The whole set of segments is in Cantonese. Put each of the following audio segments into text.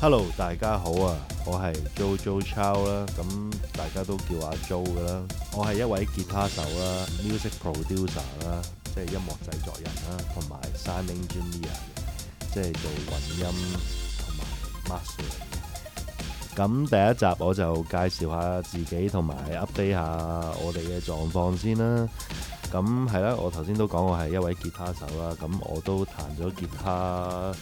Hello，大家好啊！我係 JoJo Chow 啦，咁大家都叫阿 Jo 㗎啦。我係一位吉他手啦，music producer 啦，即係音樂製作人啦，同埋 sound engineer，即係做混音同埋 master 嚟嘅。咁第一集我就介紹下自己，同埋 update 下我哋嘅狀況先啦。咁係啦，我頭先都講我係一位吉他手啦，咁我都彈咗吉他。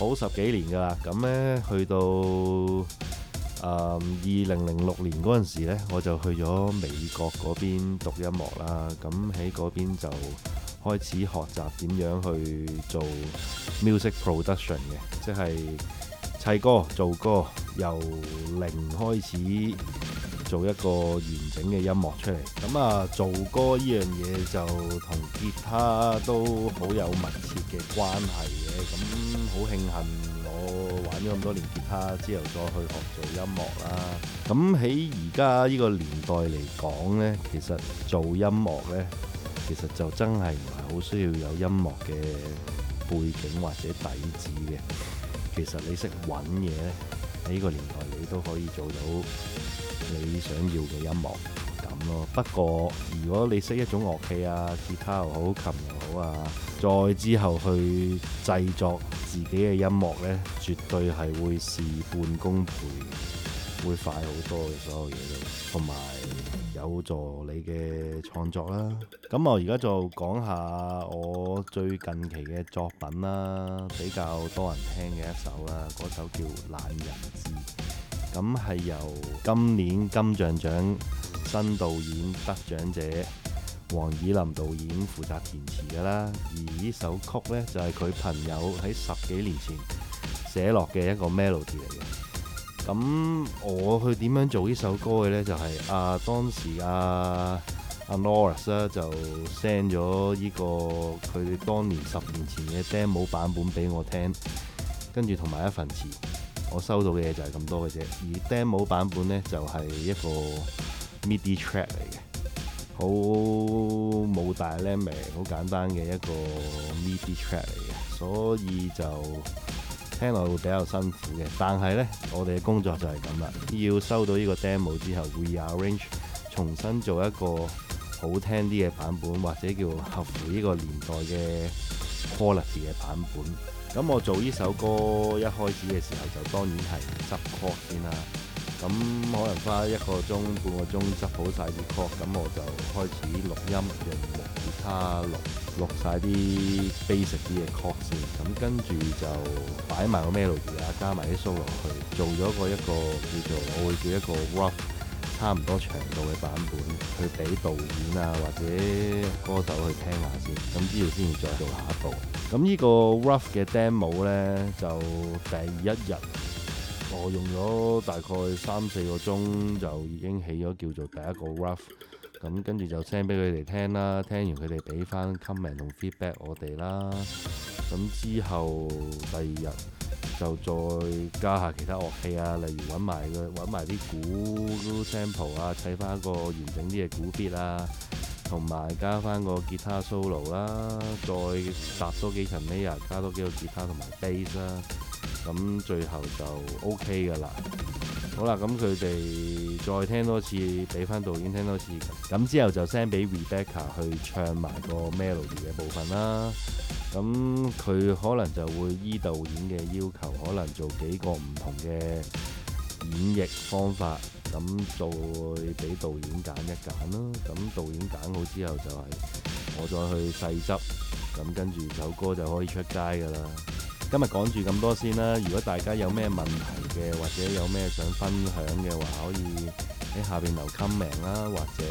好十幾年㗎啦，咁咧去到誒二零零六年陣時咧，我就去咗美國邊讀音樂啦。咁喺邊就開始學習點樣去做 music production 嘅，即係砌歌、做歌，由零開始做一個完整嘅音樂出嚟。咁啊，做歌呢樣嘢就同吉他都好有密切嘅關係。咁好慶幸我玩咗咁多年吉他之後再去學做音樂啦。咁喺而家呢個年代嚟講咧，其實做音樂咧，其實就真係唔係好需要有音樂嘅背景或者底子嘅。其實你識搵嘢喺呢個年代，你都可以做到你想要嘅音樂。不過，如果你識一種樂器啊，吉他又好，琴又好啊，再之後去製作自己嘅音樂呢，絕對係會事半功倍，會快好多嘅所有嘢都，同埋有，有助你嘅創作啦。咁我而家就講下我最近期嘅作品啦，比較多人聽嘅一首啦，嗰首叫《懶人誌》。咁係由今年金像獎。新導演得獎者黃以林導演負責填詞噶啦，而呢首曲咧就係、是、佢朋友喺十幾年前寫落嘅一個 melody 嚟嘅。咁我去點樣做呢首歌嘅咧？就係、是、啊，當時啊啊 Norris 咧、啊、就 send 咗呢個佢當年十年前嘅 demo 版本俾我聽，跟住同埋一份詞。我收到嘅嘢就係咁多嘅啫。而 demo 版本咧就係、是、一個，midi track 嚟嘅，好冇大 demo，好簡單嘅一個 midi track 嚟嘅，所以就聽落會比較辛苦嘅。但係咧，我哋嘅工作就係咁啦，要收到呢個 demo 之後，re-arrange 重新做一個好聽啲嘅版本，或者叫合乎呢個年代嘅 quality 嘅版本。咁我做呢首歌一開始嘅時候，就當然係執 call 先啦。咁可能花一個鐘半個鐘執好晒啲曲，咁我就開始錄音，用吉他錄錄晒啲 basic 啲嘅曲先。咁跟住就擺埋個 melody 啦，加埋啲 solo 去做咗個一個叫做我會叫一個 rough，差唔多長度嘅版本，去俾導演啊或者歌手去聽下先。咁之後先至再做下一步。咁呢個 rough 嘅 demo 咧，就第一日。我、哦、用咗大概三四個鐘就已經起咗叫做第一個 rough，咁跟住就 send 俾佢哋聽啦，聽完佢哋俾翻 comment 同 feedback 我哋啦，咁之後第二日就再加下其他樂器啊，例如揾埋嘅揾埋啲鼓 sample 啊，砌翻一個完整啲嘅鼓 beat 啊，同埋加翻個吉他 solo 啦、啊，再疊多達幾層 layer，加多幾個吉他同埋 bass 啦。咁最後就 OK 㗎啦。好啦，咁佢哋再聽多次，俾翻導演聽多次。咁之後就 send 俾 Rebecca 去唱埋個 melody 嘅部分啦。咁佢可能就會依導演嘅要求，可能做幾個唔同嘅演繹方法。咁再俾導演揀一揀啦。咁導演揀好之後就係、是、我再去細執。咁跟住首歌就可以出街㗎啦。今日講住咁多先啦，如果大家有咩問題嘅，或者有咩想分享嘅話，可以喺下面留言啦，或者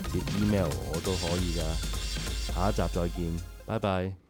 直接 email 我都可以㗎。下一集再見，拜拜。